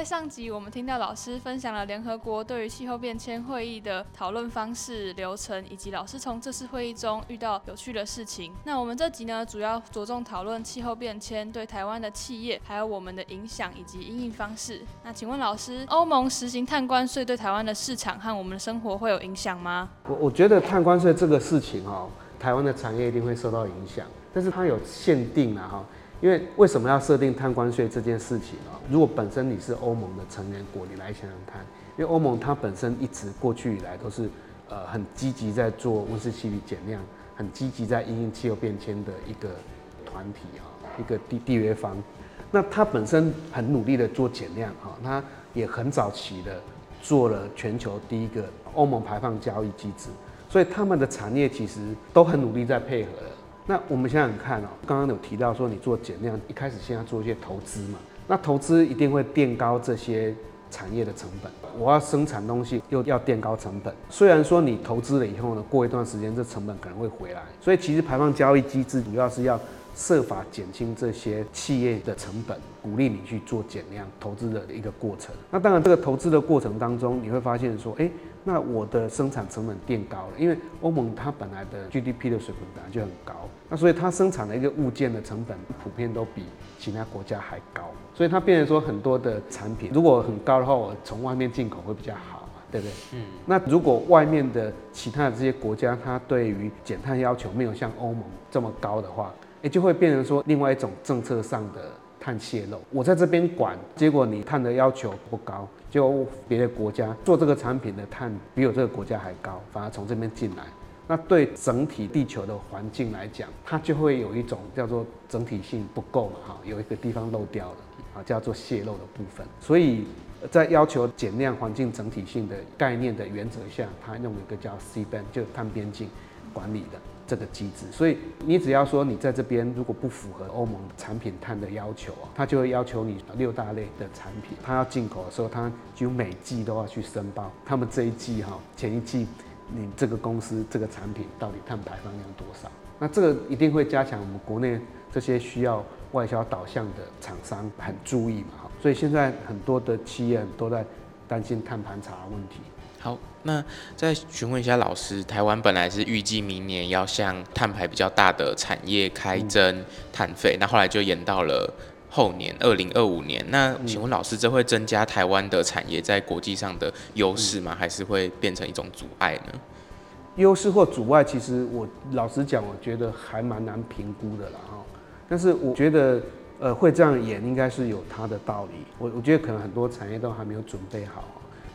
在上集，我們聽到老師分享了聯合國對於氣候變遷會議的討論方式、流程，以及老師從這次會議中遇到有趣的事情。那我們這集呢，主要着重討論氣候變遷對台灣的企業還有我們的影響以及因應方式。那請問老師，歐盟實行碳關稅對台灣的市場和我們的生活會有影響嗎？我我覺得碳關稅這個事情哦，台灣的產業一定會受到影響，但是它有限定啊哈。因為為什麼要設定碳關稅這件事情啊？如果本身你是歐盟的成員國，你來想想看，因為歐盟它本身一直過去以來都是，呃，很積極在做溫室氣體減量，很積極在因應氣候變遷的一個團體啊，一個締締約方，那它本身很努力的做減量哦，它也很早期的做了全球第一個歐盟排放交易機制，所以他們的產業其實都很努力在配合的那我們想想看哦，剛剛有提到說你做減量，一開始先要做一些投資嘛。那投資一定會墊高這些產業的成本，我要生產東西又要墊高成本。雖然說你投資了以後呢，過一段時間這成本可能會回來。所以其實排放交易機制主要是要設法減輕這些企業的成本，鼓勵你去做減量投資的一個過程。那當然，這個投資的過程當中，你會發現說，哎、欸。那我的生產成本墊高了，因為歐盟它本來的 GDP 的水平本來就很高，那所以它生產的一個物件的成本普遍都比其他國家還高，所以它變成說很多的產品如果很高的話，我從外面進口會比較好嘛，對不對？嗯，那如果外面的其他的這些國家它對於減碳要求沒有像歐盟這麼高的話，哎，就會變成說另外一種政策上的。碳泄漏，我在這邊管，結果你碳的要求不高，就別的國家做這個產品的碳比我這個國家還高，反而從這邊進來，那對整體地球的環境來講，它就會有一種叫做整體性不夠嘛，哈，有一個地方漏掉了，啊，叫做泄漏的部分。所以在要求減量環境整體性的概念的原則下，它用一個叫 CBAM 就是碳邊境管理的。這個機制，所以你只要說你在這邊如果不符合歐盟產品碳的要求啊，他就會要求你六大類的產品，他要進口的時候，他就每季都要去申報，他們這一季哈、哦，前一季你這個公司這個產品到底碳排放量多少？那這個一定會加強我們國內這些需要外銷導向的廠商很注意嘛，所以現在很多的企業都在擔心碳盤查的問題。好。那再詢問一下老師，臺灣本來是預計明年要向碳排比較大的產業開徵碳費，那、嗯、後，後來就延到了後年二零二五年。那請問老師，這會增加臺灣的產業在國際上的優勢嗎？還是會變成一種阻礙呢？優勢、嗯嗯、或阻礙，其實我老實講，我覺得還蠻難評估的啦。但是我覺得，呃，會這樣延應該是有它的道理。我我覺得可能很多產業都還沒有準備好。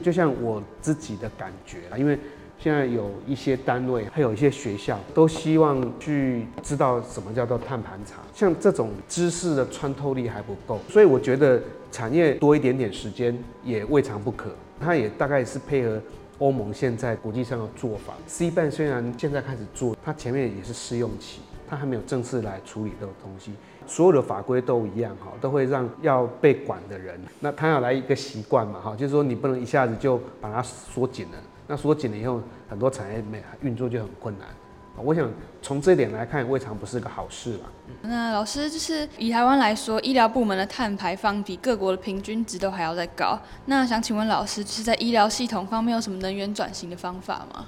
就像我自己的感覺啦，因為現在有一些單位，還有一些學校，都希望去知道什麼叫做碳盤查，像這種知識的穿透力還不夠，所以我覺得產業多一點點時間也未嘗不可。它也大概是配合歐盟現在國際上的做法。CBAM 雖然現在開始做，它前面也是試用期，它還沒有正式來處理這個東西。所有的法規都一樣哈，都會讓要被管的人，那他要來一個習慣嘛哈，就是說你不能一下子就把它縮緊了，那縮緊了以後，很多產業沒運作就很困難。我想從這一點來看，未嘗不是個好事嘛。那老師就是以台灣來說，醫療部門的碳排放比各國的平均值都還要再高。那想請問老師，就是在醫療系統方面有什麼能源轉型的方法嗎？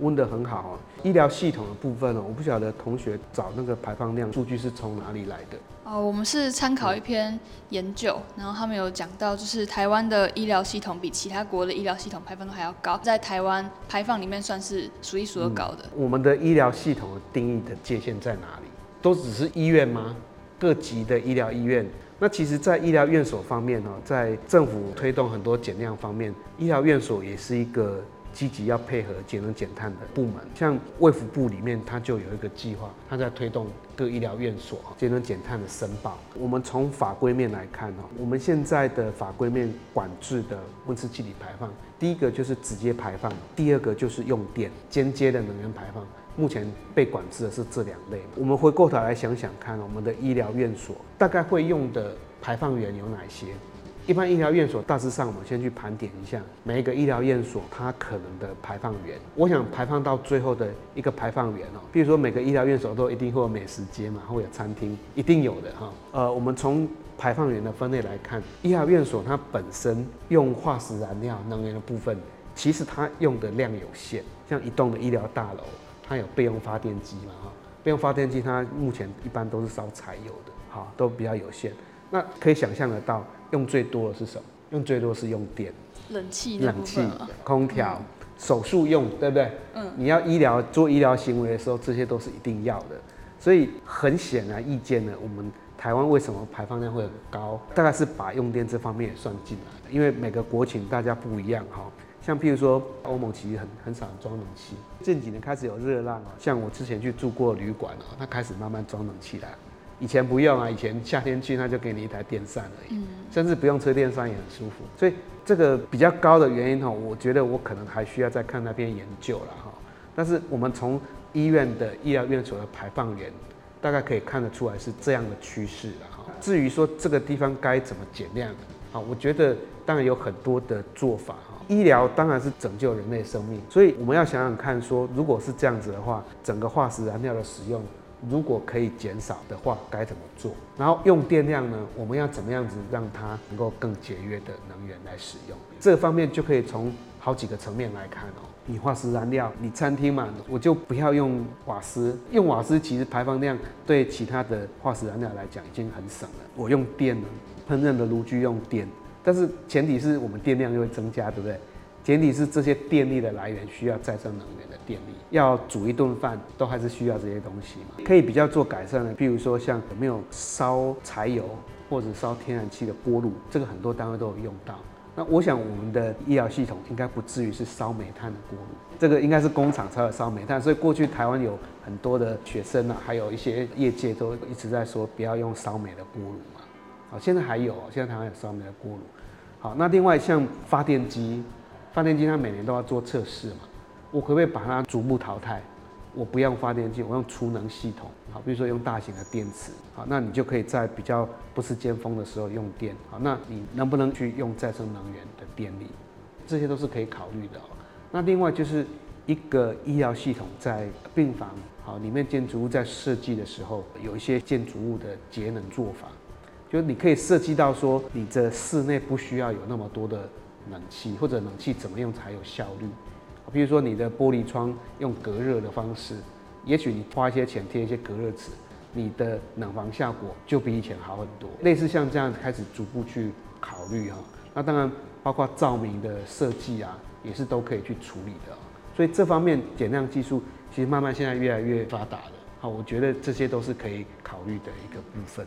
問得很好啊、哦。醫療系統的部分呢、哦，我不曉得同學找那個排放量數據是從哪裡來的。哦，我們是參考一篇研究，嗯、然後他們有講到，就是台灣的醫療系統比其他國家的醫療系統排放量還要高，在台灣排放裡面算是數一數二高的、嗯。我們的醫療系統的定義的界限在哪裡？都只是醫院嗎？嗯、各級的醫療醫院？那其實，在醫療院所方面呢、哦，在政府推動很多減量方面，醫療院所也是一個。積極要配合節能減碳的部門，像衛福部裡面，它就有一個計劃，它在推動各醫療院所節能減碳的申報。我們從法規面來看哦，我們現在的法規面管制的溫室氣體排放，第一個就是直接排放，第二個就是用電間接的能源排放。目前被管制的是這兩類。我們回過頭來想想看，我們的醫療院所大概會用的排放源有哪些？一般醫療院所，大致上，我們先去盤點一下每一個醫療院所它可能的排放源。我想排放到最後的一個排放源哦，比如說每個醫療院所都一定會有美食街嘛，會有餐廳，一定有的哈。呃，我們從排放源的分類來看，醫療院所它本身用化石燃料能源的部分，其實它用的量有限。像一棟的醫療大樓，它有備用發電機嘛哈，備用發電機它目前一般都是燒柴油的，哈，都比較有限。那可以想象得到，用最多的是什麼？用最多是用電、冷氣、冷氣、空調、嗯、手術用，對不對？嗯。你要醫療做醫療行為的時候，這些都是一定要的。所以很顯而易見呢，我們台灣為什麼排放量會很高？大概是把用電這方面也算進來的，因為每個國情大家不一樣哈、哦。像譬如說歐盟其實很很少人裝冷氣，近幾年開始有熱浪啊，像我之前去住過旅館啊，它開始慢慢裝冷氣了。以前不用啊，以前夏天去那就給你一台電扇而已，嗯、甚至不用車電扇也很舒服。所以這個比較高的原因哈，我覺得我可能還需要再看那邊研究了哈。但是我們從醫院的醫療院所的排放源，大概可以看得出來是這樣的趨勢了。哈、嗯。至於說這個地方該怎麼減量，啊，我覺得當然有很多的做法哈。醫療當然是拯救人類生命，所以我們要想想看說，如果是這樣子的話，整個化石燃料的使用。如果可以減少的話，該怎麼做？然後用電量呢？我們要怎麼樣子讓它能夠更節約的能源來使用？這方面就可以從好幾個層面來看哦。你化石燃料，你餐廳嘛，我就不要用瓦斯，用瓦斯其實排放量對其他的化石燃料來講已經很省了。我用電呢，烹飪的爐具用電，但是前提是我們電量又會增加，對不對？前提是這些電力的來源需要再生能源的電力，要煮一頓飯都還是需要這些東西嘛。可以比較做改善的，比如說像有沒有燒柴油或者燒天然氣的鍋爐，這個很多單位都有用到。那我想我們的醫療系統應該不至於是燒煤炭的鍋爐，這個應該是工廠才有燒煤炭，所以過去台灣有很多的學生啊，還有一些業界都一直在說不要用燒煤的鍋爐嘛。好，現在還有，現在台灣有燒煤的鍋爐。好，那另外像發電機。發電機它每年都要做測試嘛，我可不可以把它逐步淘汰？我不用發電機，我用儲能系統，好，比如說用大型的電池，好，那你就可以在比較不是尖峰的時候用電，好，那你能不能去用再生能源的電力？這些都是可以考慮的哦。那另外就是一個醫療系統在病房，好，裡面建築物在設計的時候，有一些建築物的節能做法，就是你可以設計到說，你這室內不需要有那麼多的。冷氣或者冷氣怎麼用才有效率？比如說你的玻璃窗用隔熱的方式，也許你花一些錢貼一些隔熱紙，你的冷房效果就比以前好很多。類似像這樣開始逐步去考慮哈，那當然包括照明的設計啊，也是都可以去處理的。所以這方面減量技術其實慢慢現在越來越發達了。好，我覺得這些都是可以考慮的一個部分。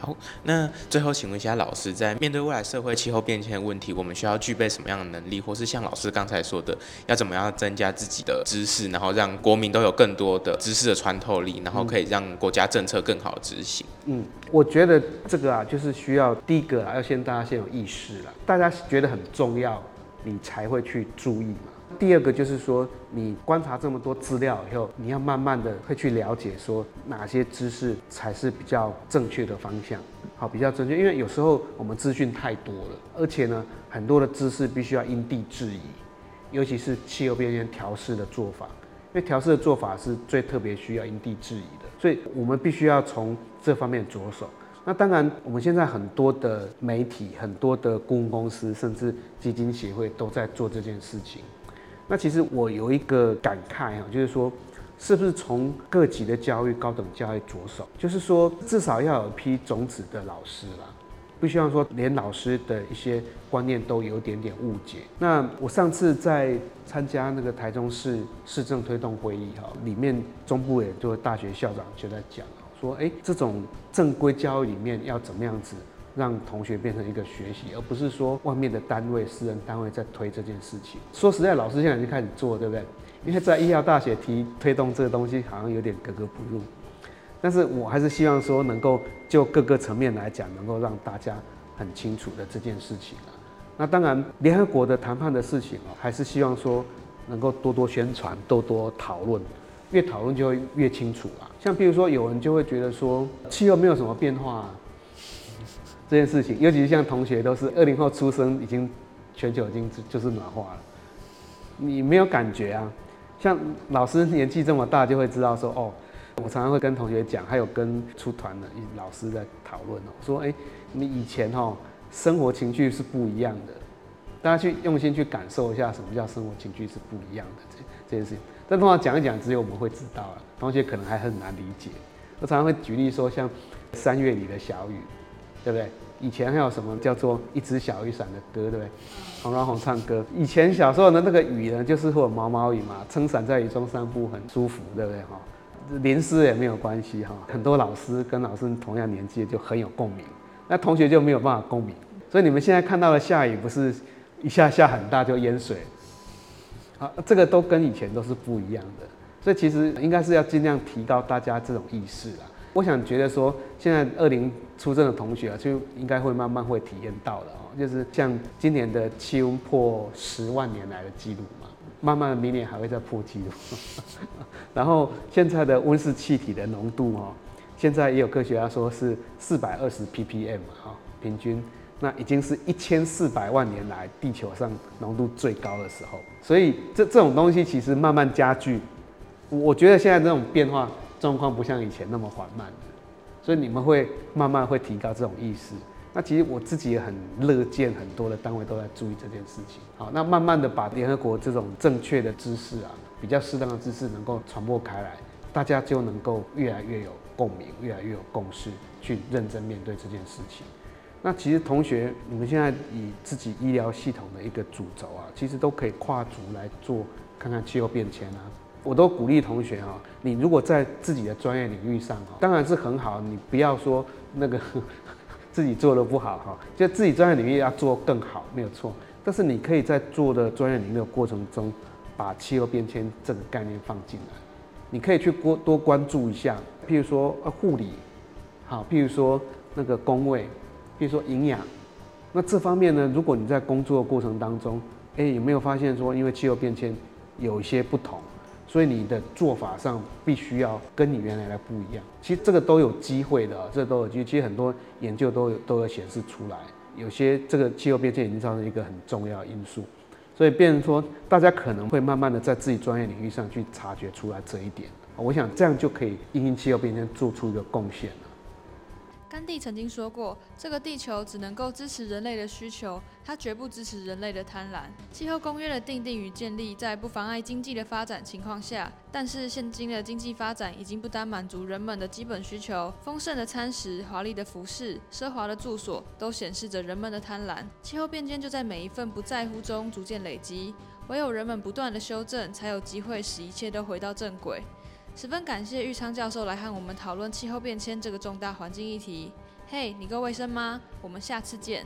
好，那最後請問一下老師，在面對未來社會氣候變遷的問題，我們需要具備什麼樣的能力？或是像老師剛才說的，要怎麼樣增加自己的知識，然後讓國民都有更多的知識的穿透力，然後可以讓國家政策更好執行？嗯，我覺得這個啊，就是需要第一個啊，要先大家先有意識啦，大家覺得很重要，你才會去注意嘛。第二個就是說，你觀察這麼多資料以後，你要慢慢的會去了解說哪些知識才是比較正確的方向，好，比較正確，因為有時候我們資訊太多了，而且呢，很多的知識必須要因地制宜，尤其是氣候變遷調適的做法，因為調適的做法是最特別需要因地制宜的，所以我們必須要從這方面着手。那當然，我們現在很多的媒體、很多的公共公司，甚至基金協會都在做這件事情。那其實我有一個感慨哈，就是說，是不是從各級的教育、高等教育着手？就是說，至少要有批種子的老師啦，不希望說連老師的一些觀念都有點點誤解。那我上次在參加那個台中市市政推動會議哈，裡面中部也就大學校長就在講，說哎，這種正規教育裡面要怎麼樣子？讓同學變成一個學習，而不是說外面的單位、私人單位在推這件事情。說實在，老師現在已經開始做，對不對？因為在醫藥大學提推動這個東西，好像有點格格不入。但是我還是希望說，能夠就各個層面來講，能夠讓大家很清楚的這件事情啊。那當然，聯合國的談判的事情啊，還是希望說能夠多多宣傳、多多討論，越討論就會越清楚啊。像比如說，有人就會覺得說，氣候沒有什麼變化。這件事情，尤其是像同學都是二零後出生，已經全球已經就就是暖化了，你沒有感覺啊？像老師年紀這麼大就會知道說哦，我常常會跟同學講，還有跟出團的老師在討論哦，說哎，你以前哦生活情緒是不一樣的，大家去用心去感受一下什麼叫生活情緒是不一樣的這這件事情，但通常講一講，只有我們會知道啊。同學可能還很難理解。我常常會舉例說，像三月裡的小雨。對不對？以前還有什麼叫做一支小雨傘的歌，對不對？洪榮宏唱歌。以前小時候呢，那個雨呢，就是會有毛毛雨嘛，撐傘在雨中散步很舒服，對不對哈？淋濕也沒有關係哈。很多老師跟老師同樣年紀就很有共鳴，那同學就沒有辦法共鳴。所以你們現在看到的下雨不是一下下很大就淹水，好，這個都跟以前都是不一樣的。所以其實應該是要儘量提高大家這種意識啦。我想覺得說，現在二零出生的同學啊，就應該會慢慢會體驗到的哦。就是像今年的氣溫破十萬年來的記錄嘛，慢慢的明年還會再破記錄。然後現在的溫室氣體的濃度哦，現在也有科學家說是四百二十 ppm 哈，平均那已經是一千四百萬年來地球上濃度最高的時候。所以這這種東西其實慢慢加劇，我覺得現在這種變化。狀況不像以前那麼緩慢了，所以你們會慢慢會提高這種意識。那其實我自己也很樂見很多的單位都在注意這件事情。好，那慢慢的把聯合國這種正確的知識啊，比較適當的知識能夠傳播開來，大家就能夠越來越有共鳴，越來越有共識，去認真面對這件事情。那其實同學，你們現在以自己醫療系統的一個主軸啊，其實都可以跨足來做，看看氣候變遷啊。我都鼓勵同學哈，你如果在自己的專業領域上哈，當然是很好，你不要說那個呵呵自己做的不好哈，就自己專業領域要做更好沒有錯。但是你可以在做的專業領域的過程中，把氣候變遷這個概念放進來，你可以去多多關注一下，譬如說呃護理，好，譬如說那個公衛，譬如說營養，那這方面呢，如果你在工作的過程當中，哎，欸，有沒有發現說因為氣候變遷有一些不同？所以你的做法上必須要跟你原來的不一樣，其實這個都有機會的，這個、都有機。其實很多研究都有都有顯示出來，有些這個氣候變遷已經造成一個很重要的因素，所以變成說大家可能會慢慢的在自己專業領域上去察覺出來這一點。我想這樣就可以因應氣候變遷做出一個貢獻。甘地曾經說過：“這個地球只能夠支持人類的需求，它絕不支持人類的貪婪。”氣候公約的訂定與建立，在不妨礙經濟的發展情況下，但是現今的經濟發展已經不單滿足人們的基本需求，豐盛的餐食、華麗的服飾、奢華的住所，都顯示着人們的貪婪。氣候變遷就在每一份不在乎中逐漸累積，唯有人們不斷的修正，才有機會使一切都回到正軌。十分感謝裕倉教授來和我們討論氣候變遷這個重大環境議題。嘿，Hey，你夠衛生嗎？我們下次見。